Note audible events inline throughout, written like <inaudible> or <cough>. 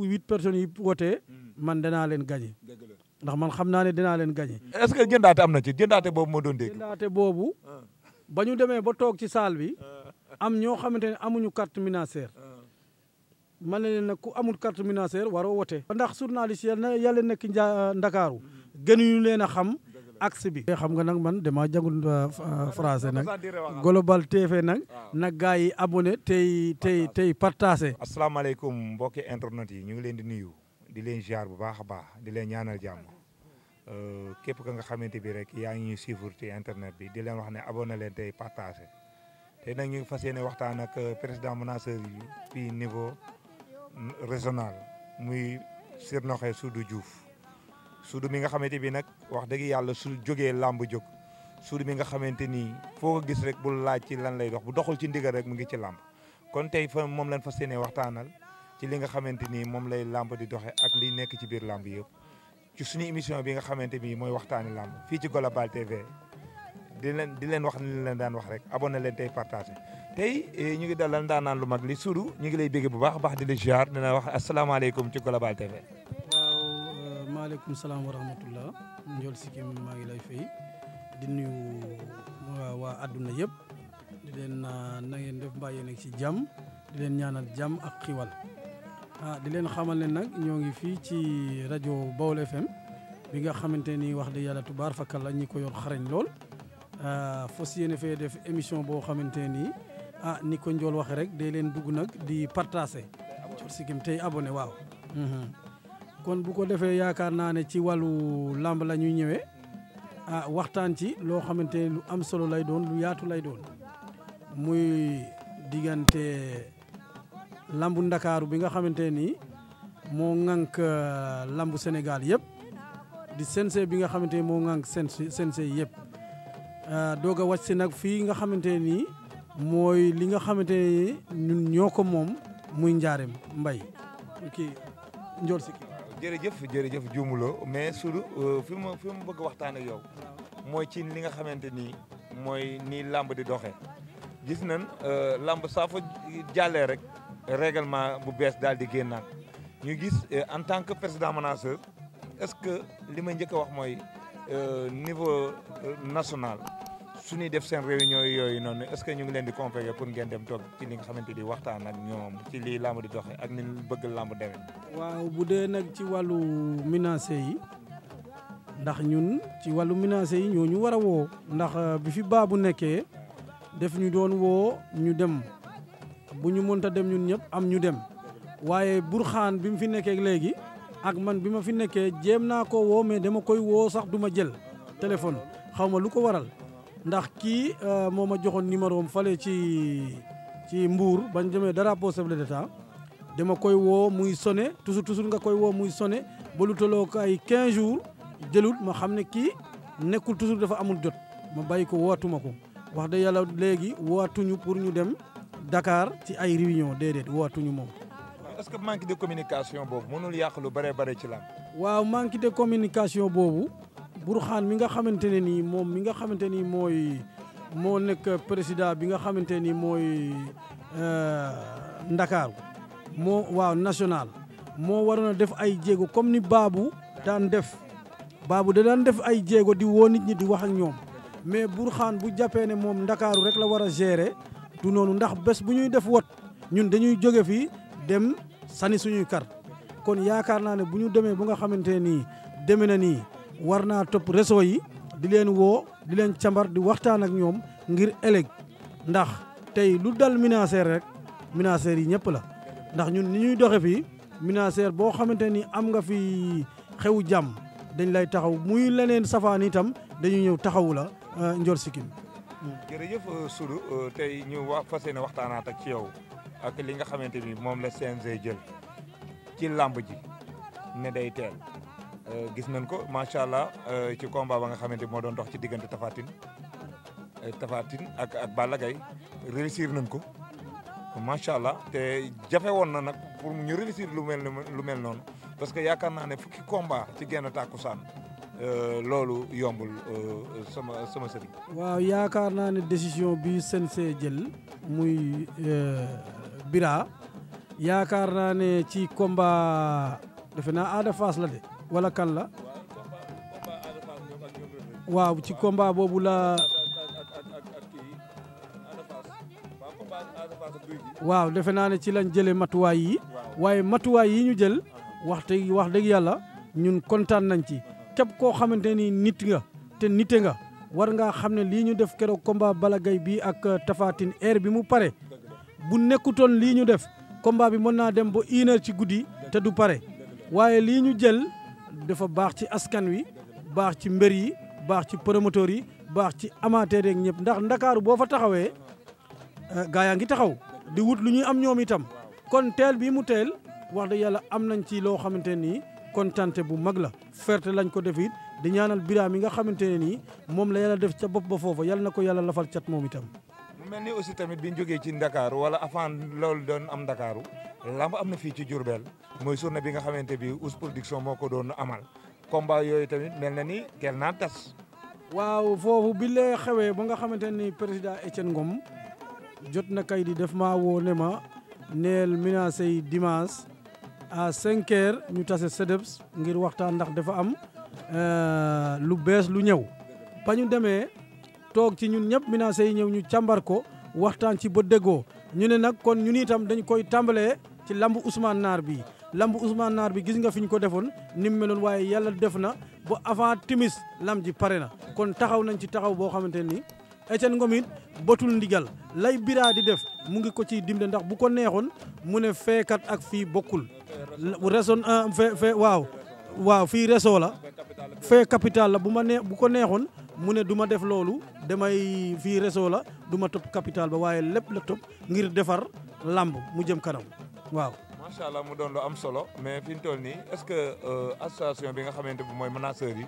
bu huit personnes yi wootee hmm. man danaa leen gagné ndax man xam naa ne dinaa leen gagné. est-ce que jëndaate am na ci jëndaate boobu moo doon dégg. jëndaate boobu ah. ba ñu demee ba toog ci salle bi ah. am ñoo xamante ne amuñu carte ministère ah. ma ne leen na ku amul carte ministère waroo wote. ndax journaliste yi yàlla nekk Ndakaaru hmm. gënuñu leen a xam. axe bi xam nga nag man dama jàngul euh, euh, français nag global tv nag ah. nag gaa yi abonné tey tey tey partagé asalaamaaleykum mbokki internet yi ñu ngi leen di nuyu di leen ziar bu baax a baax di leen ñaanal jàmm euh, képp ka nga xamante bi rek yaa ngi ñuy suivre internet bi di leen wax ne abonné leen tey partagé tey nag ñu fa fas yéene waxtaan ak président menaceur yi fii niveau mm, régional muy Sirnoxe Soudou Diouf suudu mi nga xamante bi nag wax dëgg yàlla su jógee làmb jóg suudu mi nga xamante ni foo ko gis rek bu laaj ci lan lay dox bu doxul ci ndigal rek mu ngi ci làmb kon tey fa moom lañ fa seenee waxtaanal ci li nga xamante ni moom lay làmb di doxe ak liy nekk ci biir làmb yëpp ci suñu émission bi nga xamante bi mooy waxtaani làmb fii ci Global TV di leen di leen wax li ni leen daan wax rek abonné leen tey partagé tey eh, ñu ngi dalal daanaan lu mag li suudu ñu ngi lay bégg bu baax baax di la ziar dina wax asalaamaaleykum ci Global waaleykum salaam wa rahmatullah njool sikkim maa ngi lay fay di nuyu waa àdduna yëpp di leen na ngeen def mbaa yéen ci jàmm di leen ñaanal jàmm ak xiwal ah di leen xamal ne nag ñoo ngi fii ci rajo Baol FM bi nga xamante ni wax dëgg yàlla tubaar fakkal la ñi ko yor xarañ lool ah, fas yéene fee def émission boo xamante ni ah ni ko njool waxee rek day leen dugg nag di partager njool sikkim tey abonné waaw mhm. kon bu ko defee yaakaar naa ne ci wàllu làmb la ñuy ñëwee mm-hmm. ah waxtaan ci loo xamante ne lu am solo lay doon lu yaatu lay doon muy diggante lambu ndakaaru bi nga xamante ni moo ŋànk euh, lambu Sénégal yëpp di CNG bi nga xamante ni moo ŋànk CNG yëpp euh, doog a wàcc si nag fii nga xamante ni mooy li nga xamante ni ñun ñoo ko moom muy njaareem mbay kii njool si kii jërëjëf jërëjëf juumuloo mais Soudou euh, fi ma fi ma bëgg waxtaan yow mooy ci li nga xamante ni mooy nii làmb di doxe gis nan euh, làmb saa fa jàllee rek règlement bu bees daal di génnaat ñu gis euh, en tant que président manager est-ce que li ma njëkk a wax mooy niveau national suñu def seen réunion yooyu noonu est-ce que ñu ngi leen di convoquer pour ngeen dem toog ci li nga xamante di waxtaan ak ñoom ci lii làmb di doxee ak ni bëgg làmb demee. waaw bu dee nag ci wàllu minacé yi ndax ñun ci wàllu minacé yi ñoo ñu war a woo ndax euh, bi fi baabu nekkee def ñu doon woo ñu dem bu ñu mënta dem ñun ñëpp am ñu dem waaye burxaan bi mu fi nekkee léegi ak man bi ma fi nekkee jéem naa ko woo mais dama koy woo sax du ma jël téléphone xawma lu ko waral. ndax kii euh, moo ma joxoon numéro am fale ci ci Mbour bañ demee drapeau chef de l'État dama koy woo muy sonné toujours toujours nga koy woo muy sone ba lu tolloo ko ay jours jëlul ma xam ne kii nekkul toujours dafa amul jot ma bàyyi ko wootuma ko wax dëgg yàlla léegi wootuñu pour ñu dem Dakar ci ay réunion déedéet wootuñu moom. est-ce que manque de communication boobu mënul yàq lu bëree bëri ci làmb. waaw manque de communication boobu. Burxaan mi nga xamante ne nii moom mi nga xamante ni mooy moo nekk président bi nga xamante ni mooy euh, Ndakaaru moo waaw national moo waroon a def ay jéego comme ni baabu daan def baabu da daan def ay jéego di woo nit ñi di wax ak ñoom mais Burxaan bu jàppee ne moom Ndakaaru rek la war a gérer du noonu ndax bés bu ñuy def wot ñun dañuy jóge fii dem sani suñuy kar kon yaakaar naa ne bu ñu demee bu nga xamante nii deme na nii warna top resoi réseau yi di len wo di len chambar di waxtan ak ñom ngir elek ndax tay lu dal ministère rek ministère yi ñep la ndax ñun ni ñuy doxé fi ministère bo xamanteni am nga fi xewu jam dañ lay taxaw muy leneen safaan itam dañu ñew taxawu la euh, njol sikkim hmm. jërëjëf euh, suru euh, tay ñu wax fas yéene waxtaanaat ak ci yow ak li nga xamanteni mom la CNG jël ci lamb ji ne day tel Euh, gis nañ ko macha allah euh, ci combat ba nga xamante moo doon dox ci diggante Tafatine euh, Tafatine ak ak Balla réussir nañ ko macha allah te jafe woon na nag pour ñu réussir lu mel lu mel noonu parce que yaakaar naa ne fukki combat ci genn tàkkusaan loolu yombul sama sama sëriñ. waaw yaakaar naa ne décision bi CNG jël muy Bira yaakaar naa ne ci combat defe naa Ada Fass la de. wala kan la waaw ci combat boobu la waaw defe naa ne ci lañ jëlee matuwaay yi waaye matuwaay yi ñu jël wax wax dëgg yàlla ñun kontaan nañ ci képp koo xamante ni nit nga te nite nga war ngaa xam ne lii ñu def keroog combat bala gay bi ak tafaatin Tine bi mu pare bu nekkutoon lii ñu def combat bi mën naa dem ba une ci guddi te du pare waaye lii ñu jël dafa baax ci askan wi baax ci mbër yi baax ci promoteurs yi baax ci amateurs yeeg ñëpp ndax ndakaaru boo fa taxawee eh, gaa yaa ngi taxaw di wut lu ñuy am ñoom itam kon teel bi mu teel wax dëgg yàlla am nañ ci loo xamante nii kontante bu mag la ferte lañ ko def it di ñaanal biraam yi nga xamante ne nii moom la yàlla def ca bopp ba foofa yàlla na ko yàlla lafal cat moom itam mel ni aussi tamit bi ñu jógee ci Dakar wala avant loolu doon am Dakar lamb am na fii ci Diourbel mooy journée bi nga xamante bi Ous production moo ko amal combat yooyu tamit mel na ni teel naa tas. waaw foofu bi xewee ba nga xamante ni président Etienne Ngom jot na kay di def maa woo ne ma neel menacé dimanche à 5 heures ñu tase sedeps ngir waxtaan ndax dafa am euh, lu bees lu ñëw ba ñu toog ci ñun ñëpp menaces yi ñëw ñu càmbar ko waxtaan ci ba déggoo ñu ne nag kon ñun itam dañ koy tàmbalee ci lamb Ousmane Naar bi lamb Ousmane Naar bi gis nga fi ñu ko defoon ni mu meloon waaye yàlla def na ba avant timis lam ji pare na kon taxaw nañ ci taxaw boo xamante ni Etienne Ngom it batul ndigal lay biraa di def mu ngi ko ciy dimbale ndax bu ko neexoon mu ne feekat ak fii bokkul reson fe waaw waaw fii resoo la fee capital la bu ma nee bu ko neexoon mu ne duma def loolu damay fii réseau la du ma topp capital ba waaye lépp la topp ngir defar làmb mu jëm kanam waaw. macha allah mu doon lu am solo mais fi ñu toll nii est-ce que euh, association bi nga xamante ne mooy menaceurs yi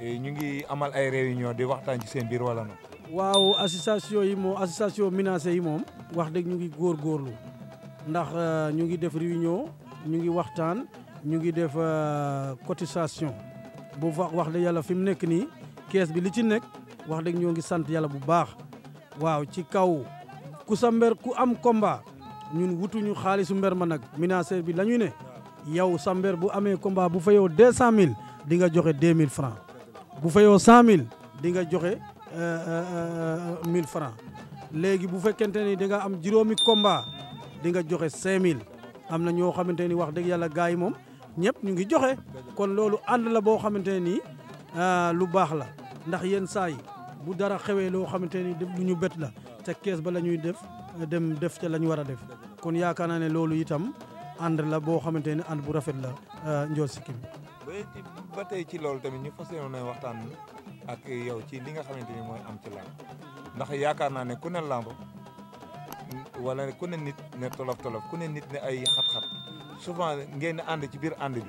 eh, ñu ngi amal ay réunion di waxtaan ci seen biir wala non. waaw association yi moom association menacé yi moom wax dëgg ñu ngi góorgóorlu ndax euh, ñu ngi def réunion ñu ngi waxtaan ñu ngi def euh, cotisation bu wax wax dëgg yàlla fi mu nekk nii. kees bi li ci nekk wax dëgg ñoo ngi sant yàlla bu baax waaw ci kaw ku sa ku am combat ñun wutuñu xaalisu mber ma nag minacer bi la ñu ne yow sa bu amee combat bu fayoo deux cent mille di nga joxe deux mille francs bu fayoo cent mille di nga joxe euh, euh, mille francs léegi bu fekkente ni da nga am juróomi combat di nga joxe cinq mille am na ñoo xamante ni wax dëgg yàlla gars yi moom ñëpp ñu joxe kon loolu ànd la boo xamante Ah, lu baax la ndax yenn saa yi bu dara xewee loo xamante ni lu ñu bët la te kees ba la ñuy def dem def ca la ñu war a def kon yaakaar naa ne loolu itam ànd la boo xamante ne ànd bu rafet la ah, Ndiol Sikki bi ba tey ci loolu tamit ñu fas yéene waxtaan ak yow ci li nga xamante ni mooy am ci làmb ndax yaakaar naa ne ku ne làmb wala ku ne nit ne tolof tolof ku ne nit ne ay xat-xat souvent ngeen ànd ci biir ànd bi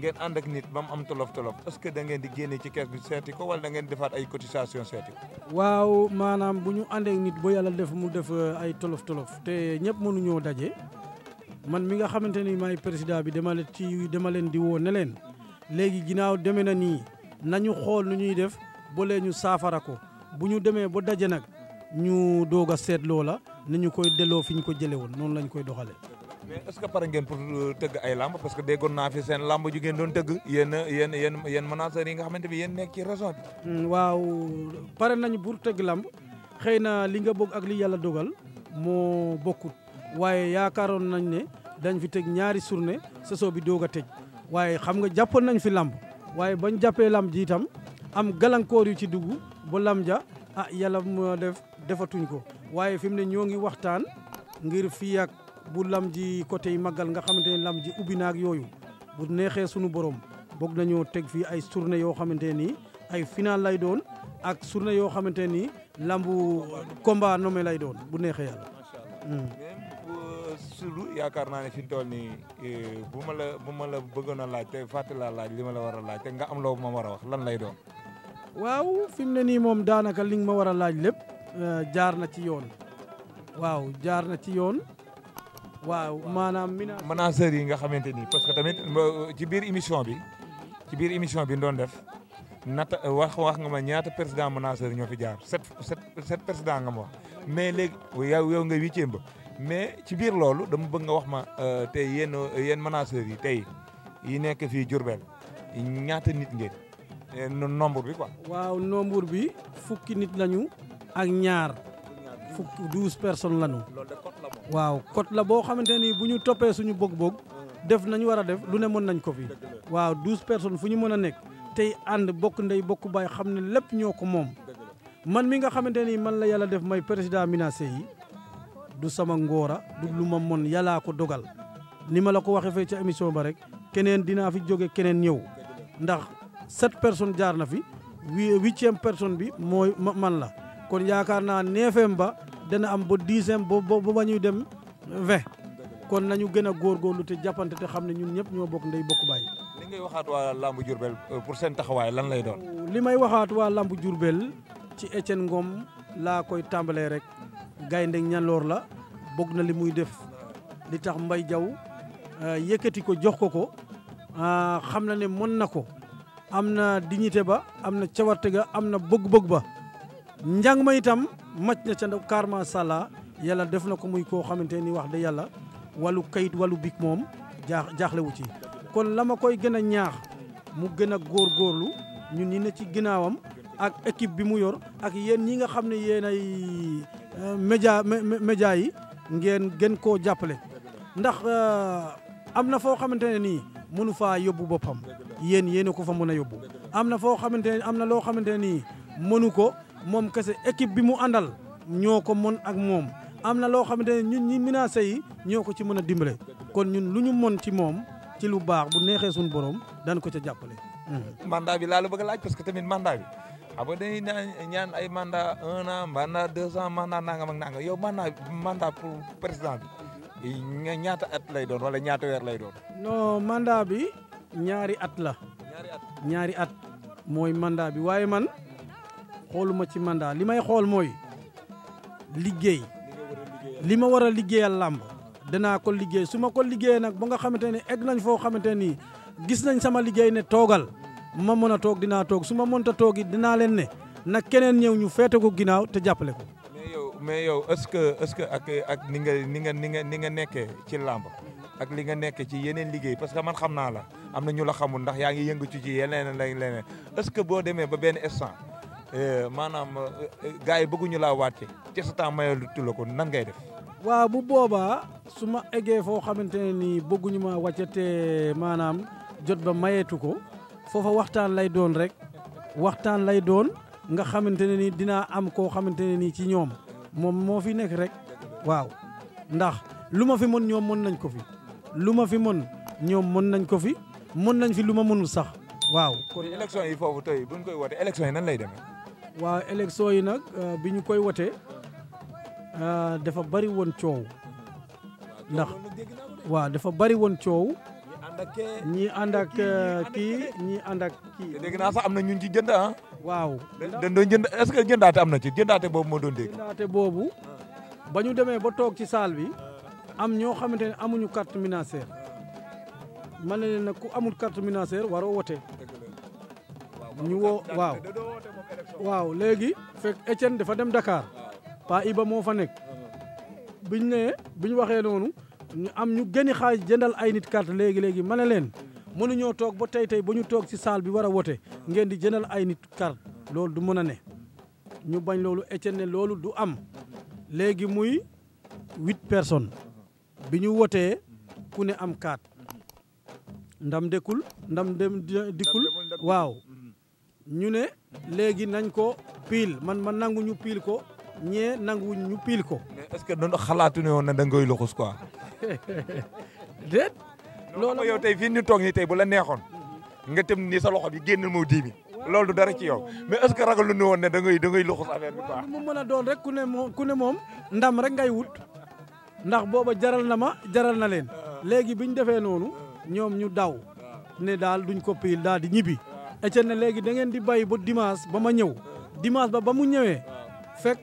ngeen ànd ak nit ba mu am tolof tolof parce que da ngeen di génne ci kees bi seeti ko wala da ngeen defaat ay cotisation seeti ko. waaw maanaam bu ñu àndee ak nit ba yàlla def mu def euh, ay tolof tolof te ñëpp mënuñoo daje man mi nga xamante ni maay président bi dama leen ci dama leen di woo ne leen léegi ginnaaw demee na nii nañu xool nu ñuy def ba lee ñu saafara ko bu ñu demee ba daje nag ñu doog a seet loola na ñu koy delloo fi ñu ko jëlee woon noonu lañ koy doxalee. mais est ce que par ngeen pour teug ay lamb parce que dégon na fi sen lamb ju ngeen doon tëgg yene yene yene yéen menaceurs yi nga xamante bi yéen nekk ci raison bi hmm, waaw paré nañ pour teug lamb xeyna li nga bok ak li yalla dogal moo bokut. waaye yaakaaroon nañ ne dañ fi teug ñaari journée so bi doga tej waye xam nga jàppoon nañ fi lamb waye bañ jappé lamb ji tam am galankoor yu ci duggu ba lamb ja ah yalla mo def defatuñ ko waye fi ñongi waxtaan ngir fi ak bu lam ji côté yi màggal nga xamante ne lam ji ubbi naag yooyu bu neexee sunu borom na nañoo teg fii ay journée yoo xamante ni ay final lay doon ak journée yoo xamante ni lambu combat nommé lay doon bu neexee yàlla. Soulou hmm. euh, yaakaar naa ne fi tool nii euh, bu mala la bu ma bëggoon a laaj te fàtte laa laaj li ma la war a laaj te nga am loo ma war a wax lan lay doon. waaw fi mu ne nii moom daanaka li ma war a laaj lépp euh, jaar na ci yoon. waaw jaar na ci yoon. waaw maanaam managers yi nga xamante nii parce que tamit ci biir émission bi ci biir émission bi doon def nata wax wax nga ma ñaata président managers ñoo fi jaar sept sept sept président nga ma wax mais léegi yow yow nga huitième ba mais ci biir loolu dama bëgg nga wax ma euh, tey yéen yéen managers yi tey yi nekk fii Diourbel ñaata nit ngeen euh, nombre bi quoi waaw nombre bi fukki nit lañu ak ñaar fukk douze personnes lañu waaw cote la boo xamante ni bu suñu def nañ wara def lu ne mën nañ ko fi waaw douze personnes fu ñu nek a and tey bokk ndey bok baay xam ne lépp ñoo man mi nga xamante man la def may président menacé yi du sama ngóora du yala ma ko dogal ni ma la ko waxee barek ca émission ba rek keneen dinaa fi jóge keneen ñëw ndax sept personnes jaar na fi huitième personne bi mooy man la kon yaakaar naa neefeem ba dana am ba dixième ba ba ba ñuy dem vingt kon nañu gën a góorgóorlu te jàppante te xam ne ñun ñëpp ñoo bokk ndey bokk bàyyi. li ngay waxaat waa lambu Diourbel euh, pour seen taxawaay lan lay doon. li may waxaat waa lambu jurbel ci Etienne ngoom laa koy tàmbalee rek gaynde ñaloor la bëgg na li muy def li tax mbay Diaw euh, yëkkati ko jox ko ko euh, xam na ne mën na ko am na dignité ba am na cawarte ga am na bëgg-bëgg ba. njàng ma itam mac na ca ndaw kaar macha allah yàlla def na ko muy koo xamante ni wax da yàlla wàllu kayit wàllu big moom jaax jaaxlewu ci. kon lama koy gën a ñaax mu gën a góorgóorlu ñun ñi ne ci ginnaawam ak équipe bi mu yor ak yéen ñi nga xam ne yéen ay euh, média média yi ngeen gën koo jàppale. ndax euh, am na foo xamante ne nii mënu faa yóbbu boppam yéen yéen ko fa mën a yóbbu am na foo xamante am na loo xamante ne mënu ko. moom kese équipe bi mu àndal ñoo ko mën ak moom am na loo xamante ne ñun ñi menacé yi ñoo ko ci mën a dimbale kon ñun lu ñu mën ci moom ci lu baax bu neexee suñu borom daan ko ca jàppale. mandat bi laa la bëgg laaj parce que tamit mandat bi xam nga dañuy ay mandat un an mandat deux ans mandat nangam ak nangam yow mandat mandat pour président bi ñaata at lay doon wala ñaata weer lay doon. non mandat bi ñaari at la. ñaari at ñaari at mooy mandat bi waaye man. xooluma ci mandat li may xool mooy liggéey li ma war a liggéeyal làmb danaa ko liggéey su ma ko liggéeyee nag ba nga xamante ne egg nañ foo xamante nii gis nañ sama liggéey ne toogal ma mën a toog dinaa toog su ma mënta toog it dinaa leen ne nag keneen ñëw ñu feete ko ginnaaw te jàppale ko. mais yow mais yow est-ce que est-ce que ak ak ni nga ni nga ni nga ni nga nekkee ci làmb ak li nga nekkee ci yeneen liggéey parce que man xam naa la am na ñu la xamul ndax yaa ngi yëngatu ci yeneen leneen est-ce que boo demee ba benn instant. Eh, maanaam eh, eh, gars yi bëgguñu laa waate te sa temps mayal la ko nan ngay def. waaw bu boobaa su ma eggee foo xamante ne nii bëgguñu ma wàcce te maanaam jot ba mayeetu ko foofa waxtaan lay doon rek waxtaan lay doon nga xamante ne nii dinaa am koo xamante ne nii ci ñoom moom moo fi nekk rek waaw ndax lu ma fi mun ñoom mën nañ ko fi lu ma fi mun ñoom mën nañ ko fi mën nañ fi lu ma mënul sax waaw. kon élection yi foofu tey buñ koy wootee élection yi nan lay deme waaw élection yi nag euh, bi ñu koy wotee euh, dafa bari woon coow ndax waaw dafa bari woon coow ñi ànd ak euh, kii ñi ànd ak kii. dégg naa sax am na ñun ci jënd ah. waaw dañ doon jënd est-ce que jëndaate am na ci jëndaate boobu moo doon dégg. jëndaate boobu ba ñu demee ba toog ci salle bi am ñoo xamante ne amuñu carte ministère man ne leen nag ku amul carte ministère waroo wote. ñu woo waaw waaw léegi fekk étienne dafa dem dakar pas iba moo fa nekk biñ ne biñ waxee noonu ñu am ñu géni xaalis jëndal ay nit carte léegi léegi ma ne leen mënuñoo toog ba tey tey ba ñu toog si salle bi war a wote ngeen di jëndal ay nit carte loolu du mën a ne ñu bañ loolu étienne ne loolu du am léegi muy huit personnes bi ñu wotee ku ne am carte ndam dékkul ndam dem dikkul waaw ñu ne léegi nañ ko piil man ma nangu ñu piil ko ñee nangu ñu piil ko. mais est ce que doon xalaatu ne woon na da ngay luxus quoi. <laughs> déet. loolu yow tey fii ñu toog nii tey bu la neexoon. nga tem ni sa loxo bi génnal moo diimi. loolu dara ci yow mais est ce que ne woon ne da ngay da ngay luxus affaire bi quoi. mu mën a doon rek ku ne moom ku ne moom ndam rek ngay wut. ndax booba jaral na ma jaral na leen. Ah. léegi bi ñu defee noonu. ñoom ñu daw. ne daal duñ ko piil daal di ñibbi. Etienne ne léegi da ngeen di bàyyi ba dimanche ba ma ñëw dimanche ba ba mu ñëwee fekk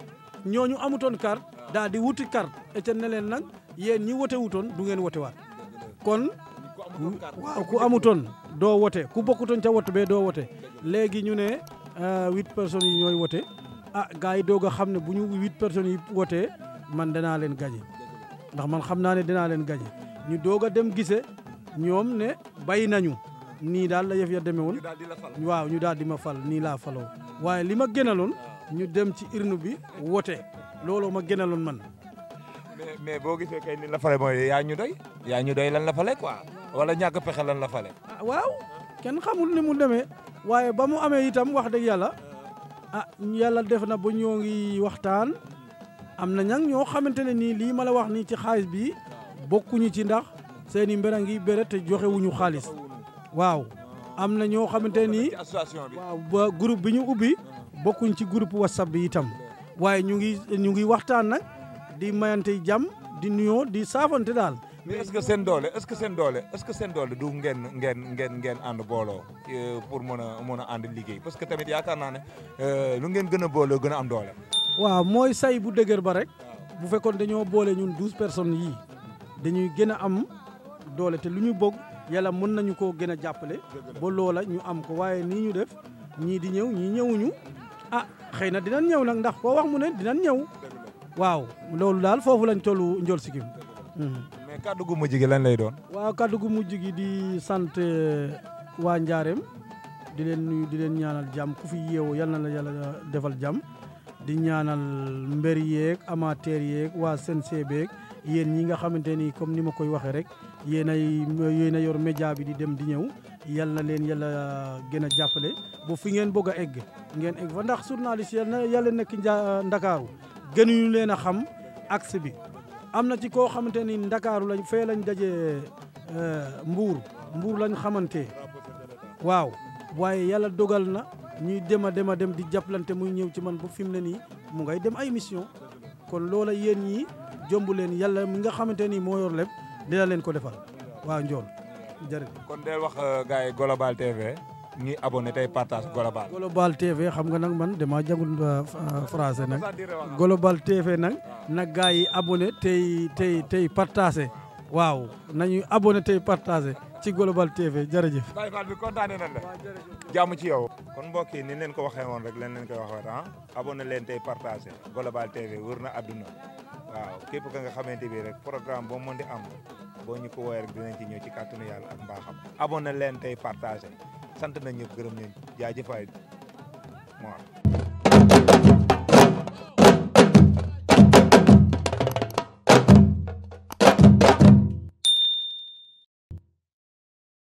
ñu amutoon carte daal di wuti carte Etienne ne leen nag yéen ñi wote wutoon du ngeen wote waat kon ku amutoon doo wote ku bokkutoon ca wote bee doo wote léegi ñu ne euh, huit personnes yi ñooy wote ah gars yi doog a xam ne bu ñu huit personnes yi wotee man danaa leen gañe ndax man xam naa ne dinaa leen gañe ñu doog a dem gise ñoom ne bay nañu nii daal la yëf ya demee woon waaw ñu daal di ma fal nii laa faloo waaye li ma gënaloon ah. ñu dem ci urne bi wote looloo ma gënaloon man. mais mais boo gisee kay ni la fale mooy yaa ñu doy. yaa ñu doy lan la fale quoi wala ñàkk pexe lan la fale. Ah, waaw kenn xamul ni mu demee waaye ba mu amee itam wax dëgg yàlla a ah, yàlla def na ba ñoo ngi waxtaan am na ñang ñoo xamante ne nii lii ma la wax nii ci xaalis bi bokkuñu ci ndax seen i mbéra ngi béré te joxewuñu xaalis. waaw am na ñoo xamante ni waaw ba groupe bi ñu ubbi bokkuñ ci groupe whatsapp bi itam waaye ñu ngi ñu ngi waxtaan nag di mayante jàmm di nuyoo di saafante daal. mais est-ce que seen doole est-ce que seen doole est-ce que seen doole du ngeen ngeen ngeen ngeen ànd booloo euh, pour mën a mën a ànd liggéey parce que tamit yaakaar naa ne euh, lu ngeen gën a booloo gën a am doole. waaw mooy say bu dëgër ba rek. bu fekkoon dañoo boole ñun douze personnes yii dañuy gën a am doole te lu ñu bokk yàlla mën nañu koo gën a jàppale ba loola ñu am ko waaye nii ñu def ñii di ñëw ñii ñëwuñu ah xëy na dina ñëw nag ndax koo wax mu ne dina ñëw waaw loolu daal foofu lañ tollu njol sikim mais kàddu gu mujj lan lay doon waaw kàddu gu mujj gi di sant eh, waa njaareem di leen nuyu di leen ñaanal jàmm ku fi yeewoo yal na defal jàmm di ñaanal mbër yeeg amateur yeeg waa CNG beeg yéen ñi nga xamante ni comme ni ma koy waxee rek yéen ay yéen a yor média bi di dem di ñëw yal na leen yàlla gën a jàppale ba fi ngeen bëgg a egg ngeen egg fa ndax journaliste yal na yàlla nekk ndakaaru gënuñu leen a xam axe bi am na ci koo xamante ni ndakaaru lañ fee lañ daje euh, mbuur mbuur lañ xamante waaw waaye yàlla dogal na ñuy dem a dem a dem di jappalante muy ñëw ci man ba fi mu ne nii mu ngay dem ay mission kon loola yéen ñi jomb leen yàlla mi nga xamante ni moo yor lépp dina leen ko defal waaw njool jërëjëf. kon del wax euh, gars yi Global TV ñuy abonné tey partage Global. Global TV xam nga nag man dama jàngul euh, euh, français nag. Global TV nag nag gars yi abonné tey tey tey partagé waaw nañuy abonné tey partagé ci Global TV jërëjëf. Baye Fall bi kontaanee nañ la. jàmm ci yow. kon mbokk yi ni leen ko waxee woon rek leen leen koy waxee ah abonné leen tey partagé Global TV wër na adduna. waaw képp ka nga xamante bi rek programme boo mën di am boo ñu ko woowee rek dinañ ci ñëw ci kàttanu yàlla ak mbaaxam abonné leen tey partagé sant nañ ñëpp gërëm ñun jaajëfaay Mor